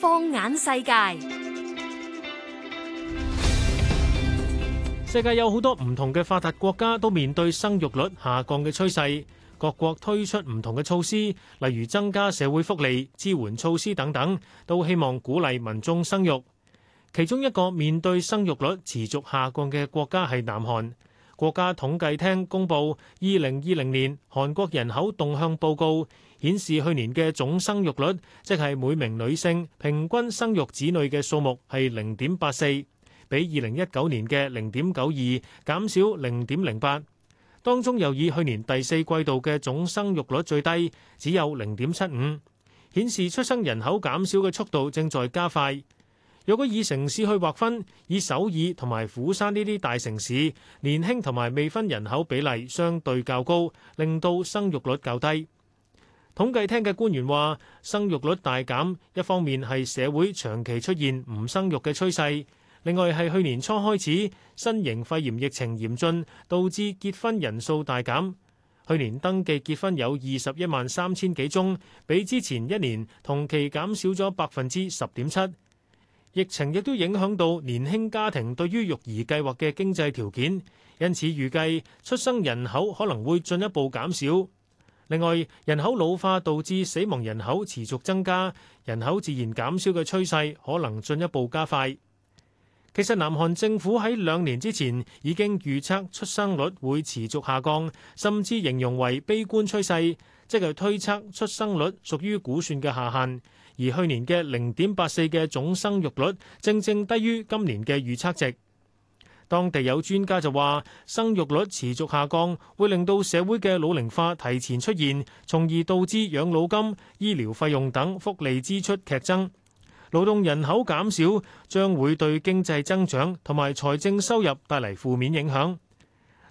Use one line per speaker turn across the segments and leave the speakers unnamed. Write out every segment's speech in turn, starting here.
放眼世界，世界有好多唔同嘅發達國家都面對生育率下降嘅趨勢，各國推出唔同嘅措施，例如增加社會福利、支援措施等等，都希望鼓勵民眾生育。其中一個面對生育率持續下降嘅國家係南韓。國家統計廳公布二零二零年韓國人口動向報告，顯示去年嘅總生育率，即係每名女性平均生育子女嘅數目，係零點八四，比二零一九年嘅零點九二減少零點零八。當中又以去年第四季度嘅總生育率最低，只有零點七五，顯示出生人口減少嘅速度正在加快。若果以城市去劃分，以首爾同埋釜山呢啲大城市年輕同埋未婚人口比例相對較高，令到生育率較低。統計廳嘅官員話，生育率大減，一方面係社會長期出現唔生育嘅趨勢，另外係去年初開始新型肺炎疫情嚴峻，導致結婚人數大減，去年登記結婚有二十一萬三千幾宗，比之前一年同期減少咗百分之十點七。疫情亦都影響到年輕家庭對於育兒計劃嘅經濟條件，因此預計出生人口可能會進一步減少。另外，人口老化導致死亡人口持續增加，人口自然減少嘅趨勢可能進一步加快。其實，南韓政府喺兩年之前已經預測出生率會持續下降，甚至形容為悲觀趨勢，即係推測出生率屬於估算嘅下限。而去年嘅零點八四嘅總生育率，正正低於今年嘅預測值。當地有專家就話，生育率持續下降會令到社會嘅老齡化提前出現，從而導致養老金、醫療費用等福利支出劇增。勞動人口減少將會對經濟增長同埋財政收入帶嚟負面影響。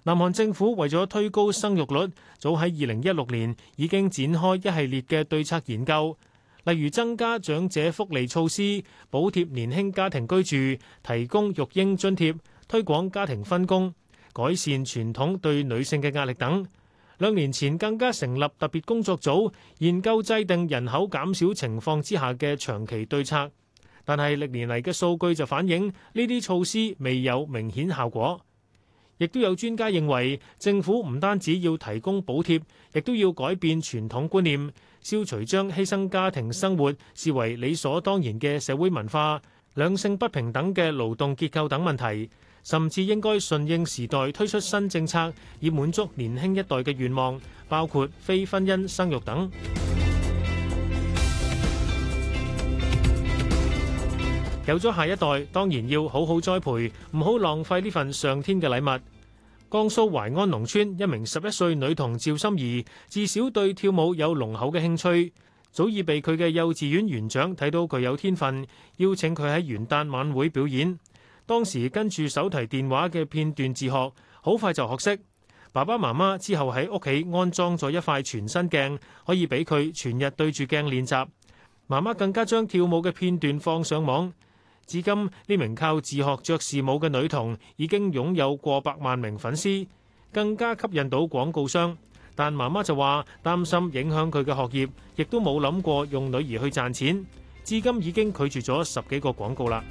南韓政府為咗推高生育率，早喺二零一六年已經展開一系列嘅對策研究。例如增加長者福利措施、補貼年輕家庭居住、提供育嬰津貼、推廣家庭分工、改善傳統對女性嘅壓力等。兩年前更加成立特別工作組，研究制定人口減少情況之下嘅長期對策。但係歷年嚟嘅數據就反映呢啲措施未有明顯效果。亦都有專家認為，政府唔單止要提供補貼，亦都要改變傳統觀念，消除將犧牲家庭生活視為理所當然嘅社會文化、兩性不平等嘅勞動結構等問題，甚至應該順應時代推出新政策，以滿足年輕一代嘅願望，包括非婚姻生育等。有咗下一代，當然要好好栽培，唔好浪費呢份上天嘅禮物。江蘇淮安農村一名十一歲女童趙心儀，自小對跳舞有濃厚嘅興趣，早已被佢嘅幼稚園園長睇到佢有天分，邀請佢喺元旦晚會表演。當時跟住手提電話嘅片段自學，好快就學識。爸爸媽媽之後喺屋企安裝咗一塊全身鏡，可以俾佢全日對住鏡練習。媽媽更加將跳舞嘅片段放上網。至今呢名靠自學爵士舞嘅女童已經擁有過百萬名粉絲，更加吸引到廣告商。但媽媽就話擔心影響佢嘅學業，亦都冇諗過用女兒去賺錢。至今已經拒絕咗十幾個廣告啦。